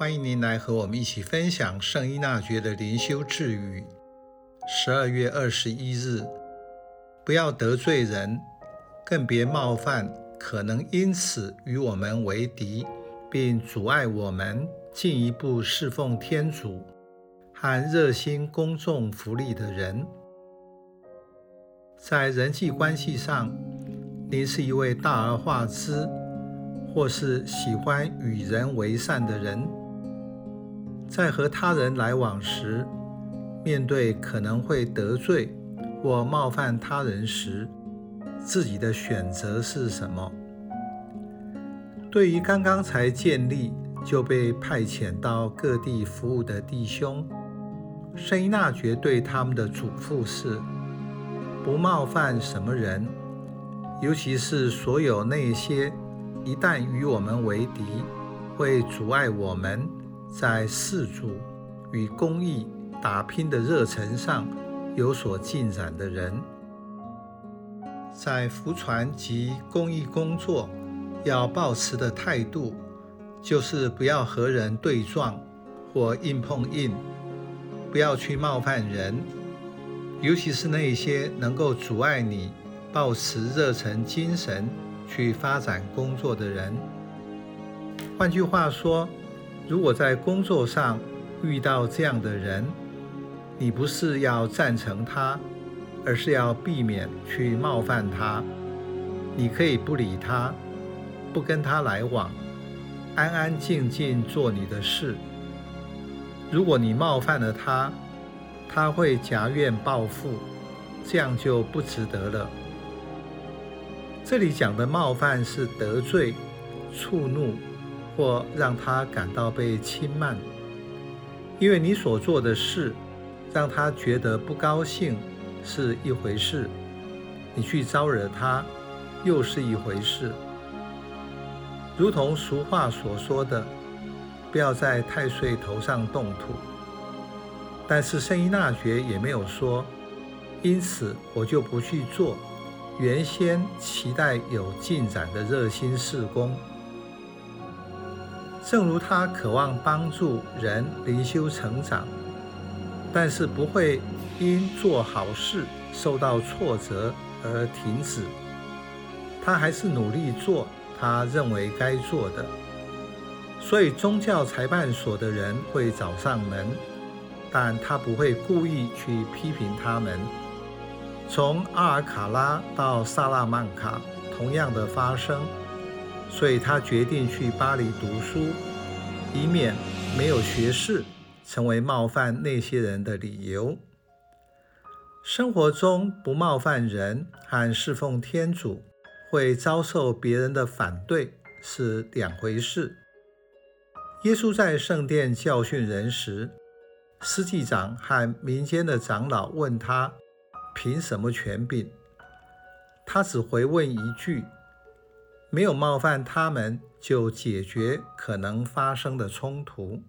歡迎您來和我們一起分享聖依納爵的靈修智語，十二月二十一日，不要得罪人，更別冒犯可能因此與我們為敵，並阻礙我們進一步侍奉天主和熱心公眾福利的人。在人際關係上，您是一位大而化之，或是喜歡與人為善的人？在和他人來往時，面對可能會得罪或冒犯他人時，自己的選擇是什麼？對於剛剛才建立就被派遣到各地服務的弟兄，聖依納爵對他們的囑咐是：不冒犯什麼人，尤其是所有那些一旦與我們為敵，會阻礙我們。在事主與公益打拼的熱忱上有所進展的人。在福傳及公益工作要抱持的態度，就是不要和人對撞或硬碰硬，不要去冒犯人，尤其是那些能夠阻礙你抱持熱忱精神去發展工作的人。換句話說。如果在工作上遇到這樣的人，你不是要贊成他，而是要避免去冒犯他。你可以不理他，不跟他來往，安安靜靜做你的事。如果你冒犯了他，他會挾怨報復，這樣就不值得了。這裡講的冒犯是得罪、觸怒。或讓他感到被輕慢，因為你所做的事讓他覺得不高興是一回事，你去招惹他又是一回事。如同俗話所說的，“不要在太歲頭上動土”，但是聖依納爵也沒有說，因此我就不去做原先期待有進展的熱心事工。正如他渴望幫助人靈修成長，但是不會因做好事受到挫折而停止，他還是努力做他認為該做的。所以宗教裁判所的人會找上門，但他不會故意去批評他們。從阿爾卡拉到薩拉曼卡，同樣的發生。所以他決定去巴黎讀書，以免沒有學識成為冒犯那些人的理由。生活中不冒犯人和事奉天主會遭受別人的反對是兩回事。耶穌在聖殿教訓人時，司祭長和民間的長老問他憑什麼權柄？他只回問一句。沒有冒犯他們，就解決可能發生的衝突。